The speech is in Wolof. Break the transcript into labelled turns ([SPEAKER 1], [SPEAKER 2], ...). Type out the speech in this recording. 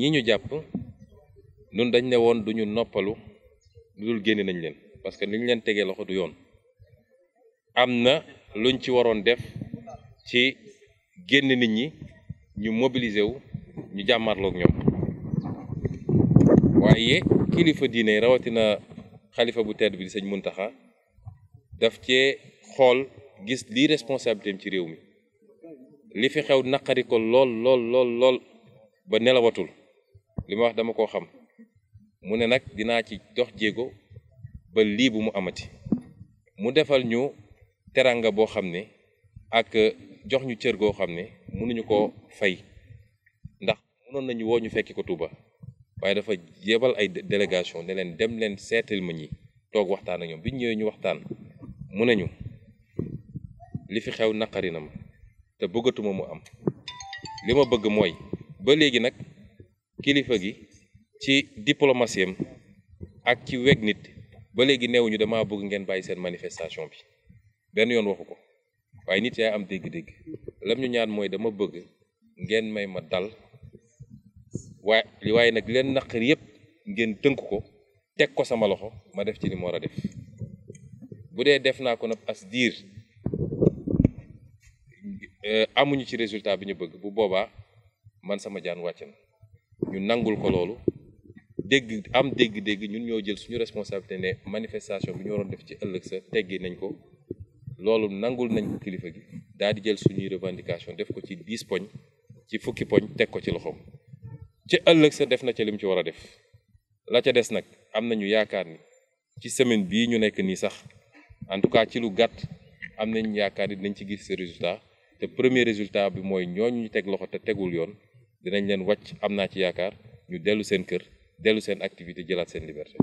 [SPEAKER 1] ñi ñu jàpp nun dañ ne woon duñu noppalu lu dul génne nañ leen parce que ni ñu leen tegee loxo du yoon am na luñ ci waroon def ci génn nit ñi ñu mobiliser wu ñu jàmmarloog ñoom waaye kilifa diine rawatina xalifa bu tedd bi di sëñ Muntaxa daf cee xool gis lii responsabilité ci réew mi li fi xew naqari ko lool lool lool ba nelawatul li ma wax dama koo xam mu ne nag dinaa ci dox jéego ba lii bu mu amati mu defal ñu teranga boo xam ne ak euh, jox ñu cër goo xam ne mënuñu koo fay ndax mënoon nañu woo ñu fekki ko Touba waaye dafa yebal ay délégation ne leen dem leen seetal ma ñi toog waxtaan ak ñoom bi ñu ñëwee ñu waxtaan mu nañu li fi xew naqari na te bëggatuma mu am li ma bëgg mooy ba léegi nag kilifa gi ci diplomatie am ak ci weg nit ba léegi neewuñu dama bëgg ngeen bàyyi seen manifestation bi benn yoon waxu ko waaye nit yaa am dégg-dégg lam ñaan mooy dama bëgg ngeen may ma dal waaye nag leen naqar yépp ngeen tënk ko teg ko sama loxo ma def ci li mu war a def bu dee def naa ko nag as diir euh, amuñu ci résultat bi ñu bëgg bu boobaa man sama jaan wàcc na ñu nangul ko loolu dégg am dégg-dégg ñun ñoo jël suñu responsabilité ne manifestation bi ñu waroon def ci ëllëg sa teggi nañ ko loolu nangul nañ ko kilifa gi daal di jël suñuy revendication def ko ci dix poñ ci fukki poñ teg ko ci loxoom ci ëllëg sa def na ca lim ci war a def la ca des nag am nañu yaakaar ni ci semaine bii ñu nekk nii sax en tout cas ci lu gàtt am nañ yaakaar ni dinañ ci gis résultat te premier résultat bi mooy ñooñu ñu teg loxo te tegul yoon dinañ leen wàcc am naa ci yaakaar ñu dellu seen kër dellu seen activité jëlaat seen liberté